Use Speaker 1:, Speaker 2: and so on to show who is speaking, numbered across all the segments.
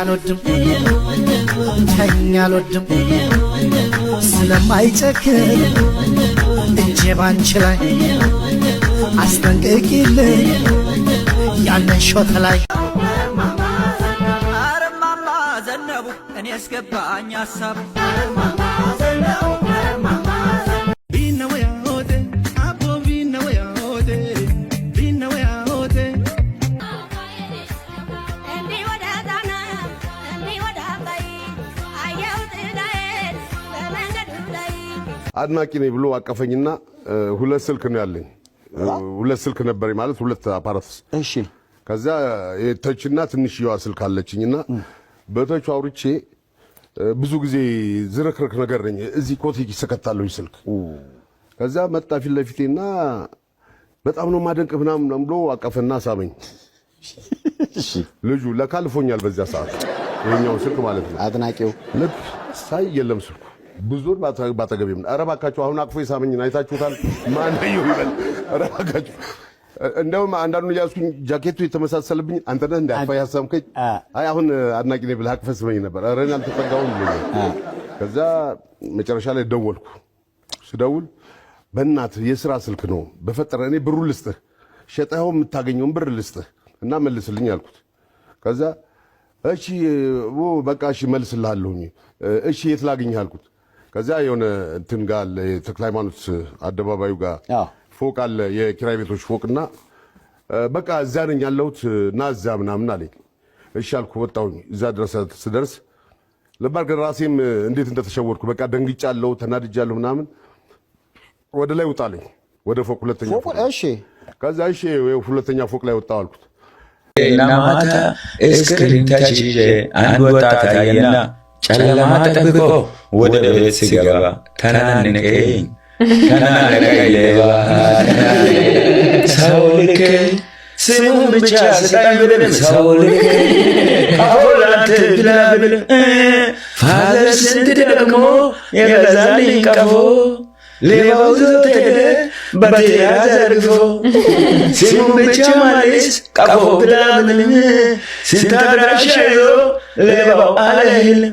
Speaker 1: አልወድም ተኛ አልወድም ስለማይጨክር እጄ ባንቺ ላይ አስጠንቅቂልኝ ያለን ሾት ላይ አርማማ ዘነቡ እኔ እስገባኝ ሀሳቡ አድናቂ ነኝ ብሎ አቀፈኝና ሁለት ስልክ ነው ያለኝ። ሁለት ስልክ ነበረኝ ማለት ሁለት አፓራትስ። እሺ። ከዛ የተችና ትንሽየዋ ስልክ አለችኝና በተቹ አውርቼ ብዙ ጊዜ ዝርክርክ ነገር ነኝ። እዚህ ኮቴ ይሰከታለሁ ስልክ። ከዛ መጣ ፊት ለፊቴና በጣም ነው ማደንቅ ምናምን ብሎ አቀፈና ሳመኝ። ልጁ ለካልፎኛል በዚያ ሰዓት ይኸኛው ስልክ ማለት ነው አድናቂው። ልክ ሳይ የለም ስልኩ ብዙን ባጠገብ ምን ኧረ እባካችሁ አሁን አቅፎ የሳመኝን አይታችሁታል። ማነው ይበል ኧረ እባካችሁ እንደውም አንዳንዱ እያስኩኝ ጃኬቱ የተመሳሰለብኝ አንተ ነህ እንደ አቅፋ ያሳምከኝ። አይ አሁን አድናቂ ነኝ ብለህ አቅፈህ ስመኝ ነበር። ኧረ አልተጠጋሁም። ከዛ መጨረሻ ላይ ደወልኩ። ስደውል በእናትህ የስራ ስልክ ነው በፈጠረ እኔ ብሩ ልስጥህ፣ ሸጠኸው የምታገኘውን ብር ልስጥህ እና መልስልኝ አልኩት። ከዛ እሺ በቃ እሺ መልስልሃለሁኝ። እሺ የት ላግኝህ አልኩት። ከዚያ የሆነ እንትን ጋር አለ የተክለ ሃይማኖት አደባባዩ ጋር ፎቅ አለ የኪራይ ቤቶች ፎቅ ፎቅና በቃ እዚያ ነኝ ያለሁት እና እዚያ ምናምን አለኝ። እሺ አልኩ። ወጣሁኝ እዚያ ድረስ ስደርስ ለባር ግን ራሴም እንዴት እንደተሸወድኩ በቃ ደንግጫለሁ፣ ተናድጃለሁ ምናምን። ወደ ላይ ውጣለኝ ወደ ፎቅ ሁለተኛ ፎቅ። እሺ ከዛ እሺ ሁለተኛ ፎቅ ላይ ወጣሁ አልኩት። ማታ እስክሪን እስክሪንታች አንድ ወጣት አየና ጨለማ ጠብቆ ወደ ቤት ሲገባ ተናንቀኝ ተናነቀኝ ሰው ልክ ስሙን ብቻ ስጠኝ ብል ሰው ልክ አሁላት ብላ ብል ፋዘር ስንት ደግሞ
Speaker 2: የገዛልኝ ቀፎ ሌባው ዞት ሄደ በቴራ ዘርግፎ ስሙን ብቻ ማሌስ ቀፎ ብላ ምን ስንት አድራሻ ይዞ ሌባው አለህልም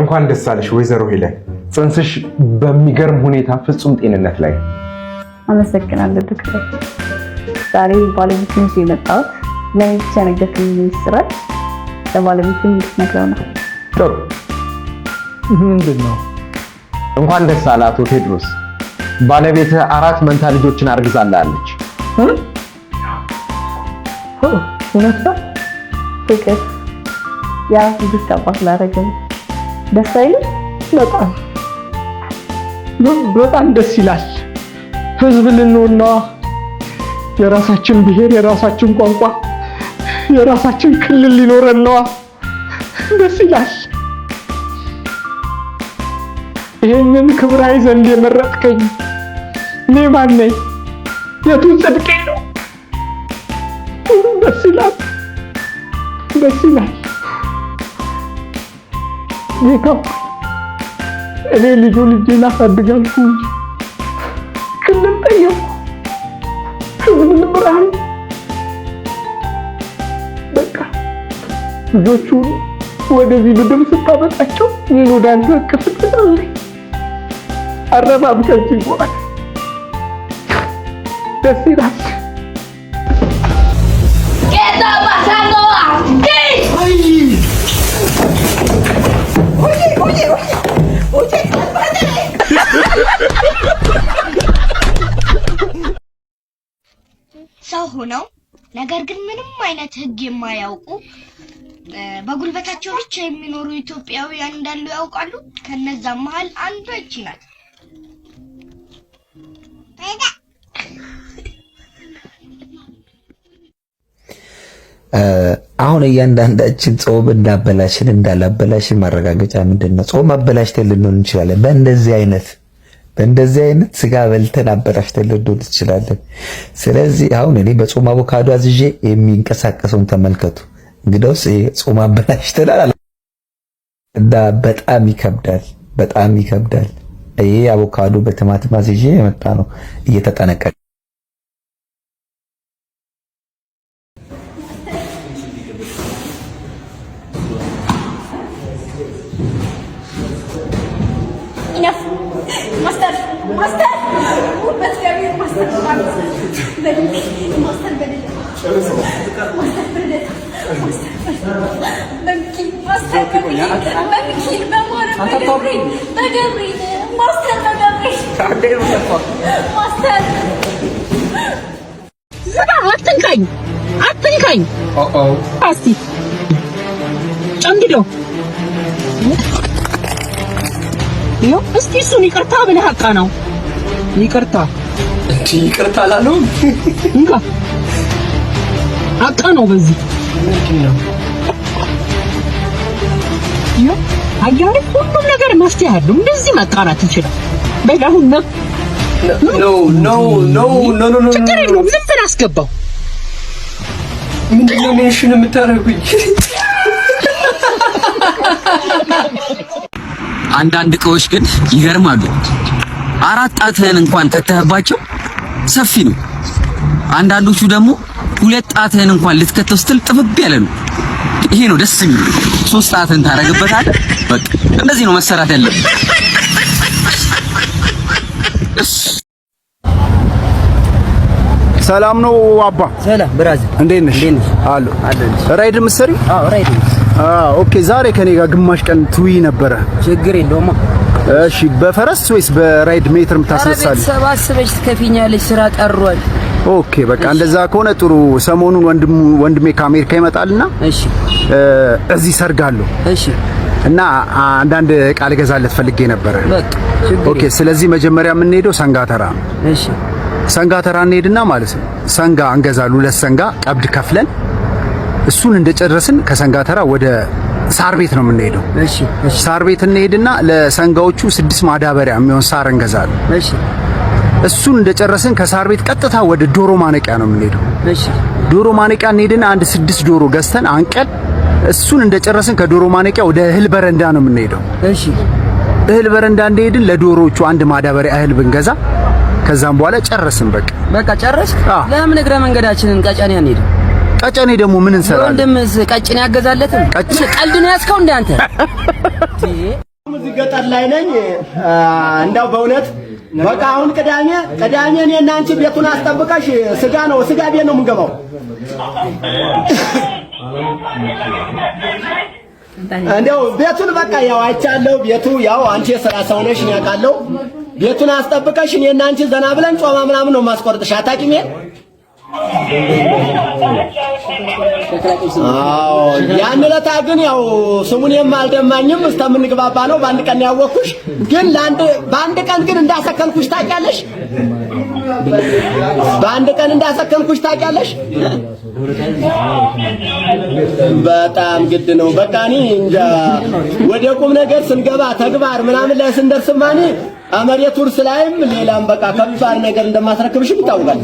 Speaker 3: እንኳን ደስ አለሽ ወይዘሮ ሄለን፣ ጽንስሽ በሚገርም ሁኔታ ፍጹም ጤንነት ላይ።
Speaker 4: አመሰግናለሁ ዶክተር። ዛሬ ባለቤትም ይዤ የመጣሁት ለእኔ ብቻ ነገርኩኝ ምስራች፣ ለባለቤትም ልትነግረው ነው።
Speaker 3: ጥሩ ምንድን ነው? እንኳን ደስ አለ አቶ ቴድሮስ፣ ባለቤት አራት መንታ ልጆችን አርግዛላለች።
Speaker 4: እውነት ነው? ፍቅር ያ ልጆች አባት ላደረገን ደስ አይልም? በጣም
Speaker 5: በጣም ደስ ይላል። ህዝብ ልንሆን የራሳችን ብሔር፣ የራሳችን ቋንቋ፣ የራሳችን ክልል ሊኖረን ደስ ይላል። ይሄንን ክብራዊ ዘንድ የመረጥከኝ እኔ ማን ነኝ? የቱን ጽድቄ ነው? ደስ ይላል። ደስ ይላል። ጌታ እኔ ልጆ ልጄን አሳድጋለሁ እንጂ ክልል ጠየቁ ህዝብን ብርሃን በቃ ልጆቹን ወደዚህ ምድር ስታመጣቸው ይህን ወደ አንዱ እቅፍ ትላለህ አረባብቀች ይጓል ደስ ይላል።
Speaker 6: ሰው ሆነው ነገር ግን ምንም አይነት ህግ የማያውቁ በጉልበታቸው ብቻ የሚኖሩ ኢትዮጵያውያን እንዳሉ ያውቃሉ። ከነዛም መሀል አንዷ ይቺ ናት።
Speaker 7: አሁን እያንዳንዳችን ጾም እንዳበላሽን እንዳላበላሽን ማረጋገጫ ምንድን ነው? ጾም አበላሽተን ልንሆን እንችላለን በእንደዚህ አይነት በእንደዚህ አይነት ስጋ በልተን አበላሽተን ልንሆን ትችላለን። ስለዚህ አሁን እኔ በጾም አቮካዶ አዝዤ የሚንቀሳቀሰውን ተመልከቱ። እንግዲያውስ ጾም አበላሽተናል እና በጣም ይከብዳል፣ በጣም ይከብዳል። ይሄ አቮካዶ በቲማቲም አዝዤ የመጣ ነው እየተጠነቀቀ
Speaker 8: አትንካኝ አትንካኝ። አስቲ ጨምድዶ እስቲ እሱን ይቅርታ ብለህ ሀቃ ነው
Speaker 9: ይቅርታ ይቅርታ አላለውም።
Speaker 8: እንካ አጣ ነው። በዚህ አያሌ ሁሉም ነገር መፍትሄ አለው። እንደዚህ መጣራት ይችላል። በል ነው ችግር የለውም። ዝም ብለህ አስገባው።
Speaker 9: ምንድን ነው ሜንሽን የምታደርጉኝ?
Speaker 10: አንዳንድ እቃዎች ግን ይገርማሉ። አራት ጣትህን እንኳን ተተህባቸው ሰፊ ነው። አንዳንዶቹ ደግሞ ሁለት ጣትህን እንኳን ልትከተው ስትል ጥብብ ያለ ነው። ይሄ ነው ደስ የሚል። ሶስት ጣትህን ታደርግበታለህ። በቃ እንደዚህ ነው መሰራት ያለብህ።
Speaker 11: ሰላም ነው አባ። ሰላም ብራዚ፣ እንዴት ነሽ? እንዴት ነሽ? አሎ ራይድ ምሰሪ? አዎ ራይድ። አዎ ኦኬ ዛሬ ከኔ ጋር ግማሽ ቀን ትዊ ነበረ።
Speaker 12: ችግር የለውማ
Speaker 11: እሺ በፈረስ ወይስ በራይድ ሜትር የምታስነሳለች?
Speaker 13: ሰባስበሽ ትከፊኛለች። ስራ ጠሯል።
Speaker 11: ኦኬ በቃ እንደዛ ከሆነ ጥሩ። ሰሞኑን ወንድሙ ወንድሜ ከአሜሪካ ይመጣልና እሺ፣ እዚህ ሰርጋለሁ። እሺ እና አንዳንድ ቃል ልገዛለት ፈልጌ ነበረ። ኦኬ ስለዚህ መጀመሪያ የምንሄደው ሰንጋተራ ነው። እሺ ሰንጋተራ እንሄድና ማለት ነው ሰንጋ እንገዛለን። ሁለት ቀብድ ከፍለን እሱን እንደጨረስን ከሰንጋተራ ወደ ሳር ቤት ነው የምንሄደው። እሺ እሺ። ሳር ቤት እንሄድና ለሰንጋዎቹ ስድስት ማዳበሪያ የሚሆን ሳር እንገዛለን። እሺ። እሱን እንደጨረስን ከሳር ቤት ቀጥታ ወደ ዶሮ ማነቂያ ነው የምንሄደው። እሺ። ዶሮ ማነቂያ እንሄድና አንድ ስድስት ዶሮ ገዝተን አንቀል እሱን እንደጨረስን ከዶሮ ማነቂያ ወደ እህል በረንዳ ነው የምንሄደው። እሺ። እህል በረንዳ እንደሄድን ለዶሮዎቹ አንድ ማዳበሪያ እህል ብንገዛ ከዛም በኋላ ጨረስን። በቃ
Speaker 12: በቃ ጨረስ። ለምን እግረ መንገዳችንን ቀጨኔ አንሄድም?
Speaker 11: ቀጨኔ ደግሞ ምን እንሰራለን?
Speaker 12: ወንድም ቀጭን ያገዛለትም ቀልድ ነው ያስከው እንደ አንተ
Speaker 14: እዚህ ገጠር ላይ ነኝ። እንደው በእውነት በቃ አሁን ቅዳሜ ቅዳሜ እኔ እና አንቺ ቤቱን አስጠብቀሽ ስጋ ነው ስጋ ቤት ነው የምንገባው። እንደው ቤቱን በቃ ያው አይቻለሁ። ቤቱ ያው አንቺ የሥራ ሰው ነሽ እኔ አውቃለሁ። ቤቱን አስጠብቀሽ እኔ እና አንቺ ዘና ብለን ጮማ ምናምን ነው የማስቆርጥሽ አታውቂም። ያን ለታ ግን ያው ስሙን የማልደማኝም እስከምንግባባ ነው። በአንድ ቀን ያወቅኩሽ ግን በአንድ ቀን ግን እንዳሰከልኩሽ ታውቂያለሽ። በአንድ ቀን እንዳሰከምኩሽ ታውቂያለሽ። በጣም ግድ ነው። በቃ እኔ እንጃ ወደ ቁም ነገር ስንገባ ተግባር ምናምን ላይ ስንደርስማ እኔ አመሬት ውርስ ላይም ሌላም በቃ ከባድ ነገር እንደማስረክብሽም ይታወቃል።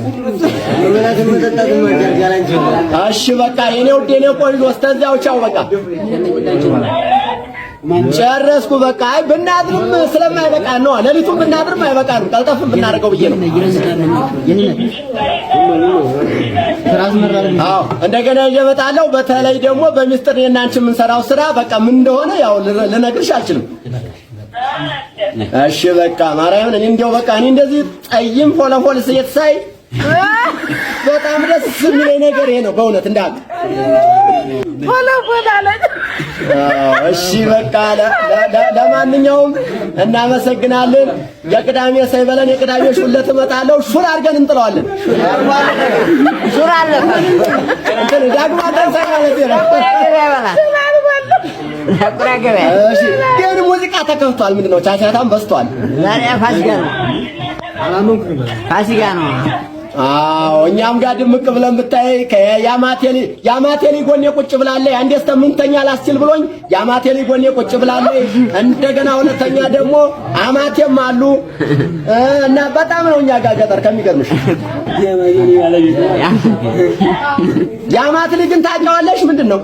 Speaker 14: እሺ በቃ የኔ ውድ የኔ ቆንጆ፣ እስከዚያው ቻው በቃ ጨረስኩ። በቃ አይ ብናድርም ስለማይበቃ ነው። ሌሊቱም ብናድርም አይበቃም። ቀልጠፍም ብናደርገው ብዬ ነው። አዎ እንደገና ይዤ እመጣለሁ። በተለይ ደግሞ በሚስጥር የናንቺ የምንሰራው ስራ በቃ ምን እንደሆነ ያው ልነግርሽ አልችልም። እሺ በቃ ማርያምን እኔ እንደው በቃ እኔ እንደዚህ ጠይም ፎለፎል ስየት በጣም ደስ የሚለኝ ነገር ይሄ ነው። በእውነት እንዳል እሺ፣ በቃ ለማንኛውም እናመሰግናለን። የቅዳሜ ሳይበለን የቅዳሜ ሹለ እመጣለሁ። ሹር አድርገን እንጥለዋለን። አለ ዳግማ ግን ሙዚቃ ተከፍቷል። ምንድነው ቻቻታም በስቷል?
Speaker 12: ነው። ፋሲካ ነው።
Speaker 14: አዎ እኛም ጋር ድምቅ ብለን ብታይ ከያማቴሊ ያማቴሊ ጎኔ ቁጭ ብላለ። አንዴ ስምንተኛ ላስችል ብሎኝ ያማቴሊ ጎኔ ቁጭ ብላለ። እንደገና ሁለተኛ ደግሞ አማቴም አሉ እና በጣም ነው እኛ ጋር ገጠር ከሚገርምሽ ያማት ልጅን ታውቂዋለሽ? ምንድን ነው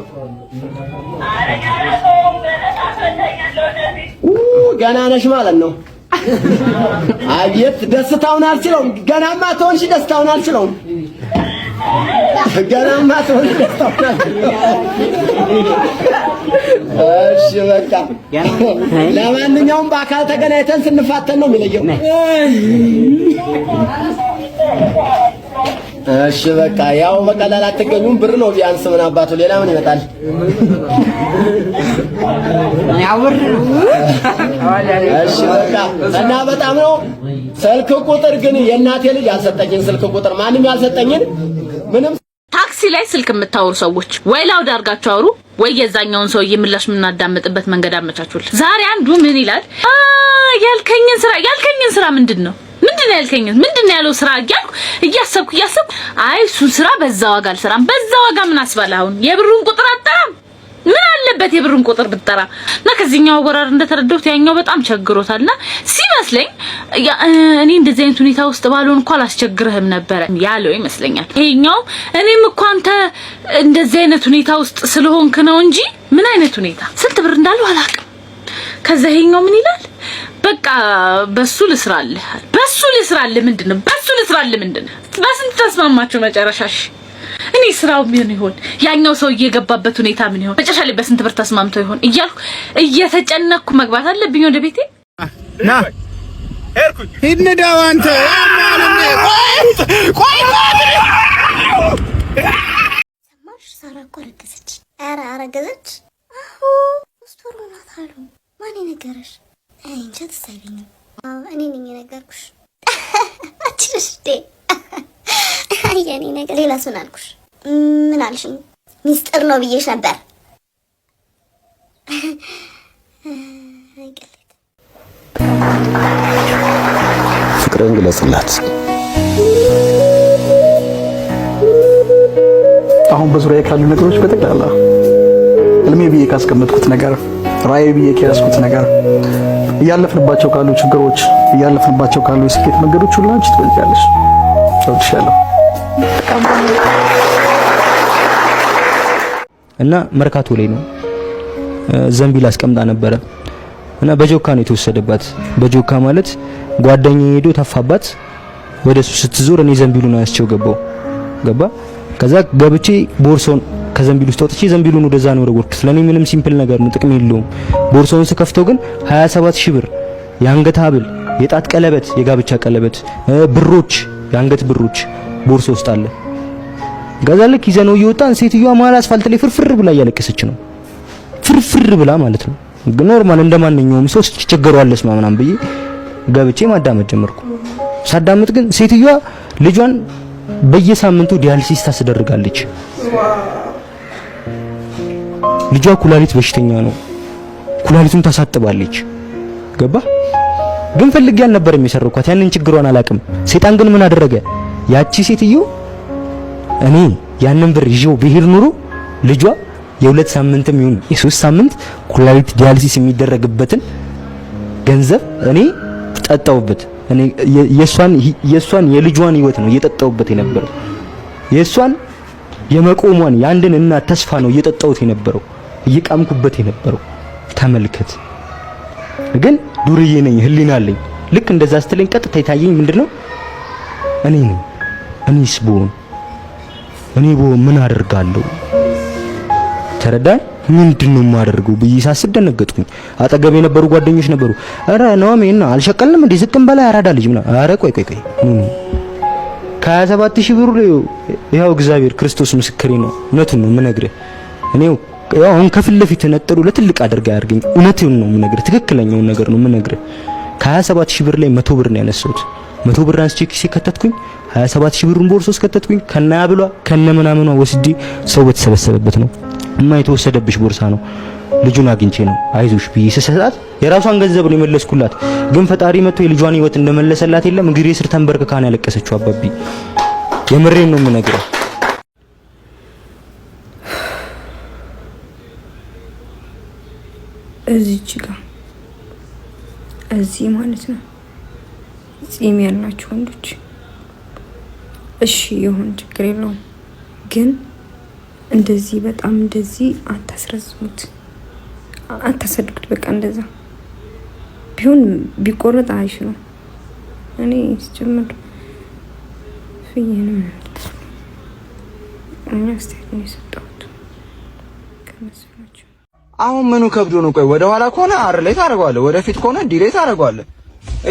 Speaker 14: ገና ነሽ ማለት ነው አየት ደስታውን አልችለውም። ገናማ ትሆንሽ ደስታውን አልችለውም። ገናማ ትሆንሽ ደስታውን አልችለውም። እሺ በቃ ለማንኛውም በአካል ተገናኝተን ስንፋተን ነው የሚለየው። እሺ በቃ ያው በቀላል አትገኙም። ብር ነው ቢያንስ ምን አባቱ ሌላ ምን ይመጣል? ያው እሺ በቃ እና በጣም ነው። ስልክ ቁጥር ግን የእናቴ ልጅ ያልሰጠኝን ስልክ ቁጥር ማንም ያልሰጠኝን
Speaker 15: ምንም ታክሲ ላይ ስልክ የምታወሩ ሰዎች ወይ ላውድ አድርጋችሁ አውሩ፣ ወይ የዛኛውን ሰውዬ ምላሽ የምናዳምጥበት መንገድ አመቻቹል። ዛሬ አንዱ ምን ይላል? ያልከኝን ስራ ያልከኝን ስራ ምንድን ነው ነው ያልከኝ? ምንድን ነው ያለው? ስራ እያልኩ እያሰብኩ እያሰብኩ አይ እሱን ስራ በዛ ዋጋ አልሰራም። በዛ ዋጋ ምን አስባለ? አሁን የብሩን ቁጥር አጠራም ምን አለበት የብሩን ቁጥር ብጠራ እና ከዚህኛው አወራር እንደተረዳሁት ያኛው በጣም ቸግሮታልና ሲመስለኝ እኔ እንደዚህ አይነት ሁኔታ ውስጥ ባልሆን እንኳን አላስቸግርህም ነበረ ያለው ይመስለኛል። ይሄኛው እኔም እኮ አንተ እንደዚህ አይነት ሁኔታ ውስጥ ስለሆንክ ነው እንጂ ምን አይነት ሁኔታ ስንት ብር እንዳለው አላውቅም። ከዛ ይሄኛው ምን ይላል በቃ በሱ ልስራል በሱ ልስራል ምንድን በሱ ልስራል ምንድን በስንት ተስማማችሁ? መጨረሻሽ እኔ ስራው ምን ይሆን ያኛው ሰው እየገባበት ሁኔታ ምን ይሆን መጨረሻ ላይ በስንት ብር ተስማምቶ ይሆን እያልኩ እየተጨነኩ መግባት አለብኝ ወደ ቤቴ። ና
Speaker 16: ሂድ
Speaker 17: ሳራ እኮ አረገዘች። ኧረ አረገዘች። አዎ ሶስት ወር ሆኗታል። ማን የነገረሽ? እኔ እንጃ ትዝ እኔ ነኝ የነገርኩሽ። የኔ ነገር ሌላ ሰው አልኩሽ። ምን አልሽኝ? ሚስጥር ነው ብዬሽ ነበር።
Speaker 18: ፍቅርን ግለጽላት።
Speaker 19: አሁን በዙሪያ ካሉ ነገሮች በጠቅላላ እልሜ ብዬ ካስቀመጥኩት ነገር ራዕይ ብዬ ከያዝኩት ነገር እያለፍንባቸው ካሉ ችግሮች፣ እያለፍንባቸው ካሉ የስኬት መንገዶች ሁሉ አንቺ ትበልጫለሽ። እወድሻለሁ።
Speaker 20: እና መርካቶ ላይ ነው ዘንቢል አስቀምጣ ነበረ እና በጆካ ነው የተወሰደባት። በጆካ ማለት ጓደኛ ሄዶ ተፋባት። ወደሱ ስትዞር እኔ ዘንቢሉን አያስቸው ገባው ገባ ከዛ ገብቼ ቦርሶን ከዘንቢል ውስጥ ወጥቼ ዘንቢሉን ወደዛ ነው ወረወርኩት። ስለኔ ምንም ሲምፕል ነገር ነው፣ ጥቅም የለውም። ቦርሳውን ስከፍተው ግን 27 ሺህ ብር፣ የአንገት ሀብል፣ የጣት ቀለበት፣ የጋብቻ ቀለበት፣ ብሮች፣ የአንገት ብሮች ቦርሳ ውስጥ አለ። ከዛ ልክ ይዘ ነው እየወጣን፣ ሴትዮዋ መሀል አስፋልት ላይ ፍርፍር ብላ እያለቀሰች ነው። ፍርፍር ብላ ማለት ነው። ኖርማል እንደማንኛውም ሰው ስትቸገሯለስ ምናምን ብዬ ገብቼ ማዳመጥ ጀመርኩ። ሳዳምጥ ግን ሴትዮዋ ልጇን በየሳምንቱ ዲያሊሲስ ታስደርጋለች። ልጇ ኩላሊት በሽተኛ ነው። ኩላሊቱን ታሳጥባለች። ገባ ግን ፈልጌ አልነበረም የሰረኳት። ያንን ችግሯን አላቅም። ሴጣን ግን ምን አደረገ? ያቺ ሴትዮ እኔ ያንን ብር ይዤው ብሄድ ኑሮ ልጇ የሁለት ሳምንትም ይሁን የሶስት ሳምንት ኩላሊት ዲያሊሲስ የሚደረግበትን ገንዘብ እኔ ጠጣውበት። እኔ የሷን የሷን የልጇን ህይወት ነው እየጠጣውበት የነበረው የሷን የመቆሟን የአንድን እናት ተስፋ ነው እየጠጣውት የነበረው። እየቃምኩበት የነበረው ተመልከት። ግን ዱርዬ ነኝ፣ ህሊና አለኝ። ልክ እንደዛ ስትለኝ ቀጥታ የታየኝ ምንድነው እኔ ነኝ። እኔስ ብሆን እኔ ብሆን ምን አደርጋለሁ? ተረዳኝ። ምንድን ነው የማደርገው ብዬ ሳስብ ደነገጥኩኝ። አጠገብ የነበሩ ጓደኞች ነበሩ። አረ ነውም አልሸቀልንም እንዴ ዝቅም በላይ አራዳ ልጅ ምና አረ ቆይ ቆይ ቆይ ከሀያ ሰባት ሺህ ብሩ ይኸው እግዚአብሔር ክርስቶስ ምስክሬ ነው። እውነቱን ነው የምነግርህ እኔው አሁን ከፊት ለፊት ተነጠሉ ለትልቅ አድርጋ ያርገኝ። እውነቴን ነው የምነግርህ፣ ትክክለኛውን ነገር ነው የምነግርህ። ከ27000 ብር ላይ 100 ብር ነው ያነሳሁት። 100 ብር አንስቼ ኪሴ ከተትኩኝ፣ 27000 ብሩን ቦርሶስ ከተትኩኝ። ከነ አብሏ ከነ ምናምኗ ወስጄ ሰው በተሰበሰበበት ነው እማ የተወሰደብሽ ቦርሳ ነው ልጁን አግኝቼ ነው አይዞሽ ብዬ ስሰጣት የራሷን ገንዘብ ነው የመለስኩላት። ግን ፈጣሪ መጥቶ የልጇን ህይወት እንደመለሰላት የለም እግሬ ስር ተንበርክካ ነው ያለቀሰችው። አባቢ የምሬን ነው የምነግረው።
Speaker 21: እዚች ጋር እዚህ ማለት ነው። ጺም ያላችሁ ወንዶች እሺ የሆን ችግር የለውም፣ ግን እንደዚህ በጣም እንደዚህ አታስረዝሙት፣ አታሳድጉት። በቃ እንደዛ ቢሆን ቢቆረጥ አይሽ ነው። እኔ ስጀምር ፍየንም እኔ አስተያየት ነው የሰጠሁት።
Speaker 13: አሁን ምኑ ከብዶ ነው? ቆይ ወደ ኋላ ከሆነ አር ላይ ታደርገዋለህ፣ ወደፊት ከሆነ ዲ ላይ ታደርገዋለህ።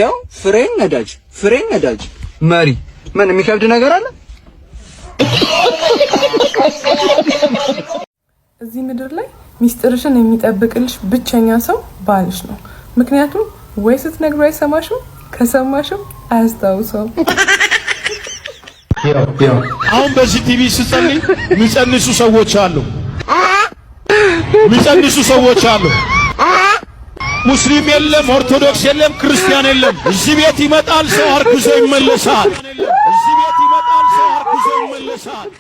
Speaker 13: ያው ፍሬን ነዳጅ፣ ፍሬን ነዳጅ፣ መሪ። ምን የሚከብድ ነገር አለ?
Speaker 22: እዚህ ምድር ላይ ሚስጥርሽን የሚጠብቅልሽ ብቸኛ ሰው ባልሽ ነው። ምክንያቱም ወይ ስትነግሩ አይሰማሽም፣ ከሰማሽም አያስታውሰው
Speaker 23: አሁን በዚህ ቲቪ ስጸልይ የሚጸንሱ ሰዎች አሉ የሚጸንሱ ሰዎች አሉ። ሙስሊም የለም፣ ኦርቶዶክስ የለም፣ ክርስቲያን የለም። እዚህ ቤት ይመጣል ሰው አርግዞ ይመለሳል። እዚህ ቤት ይመጣል ሰው አርግዞ ይመለሳል።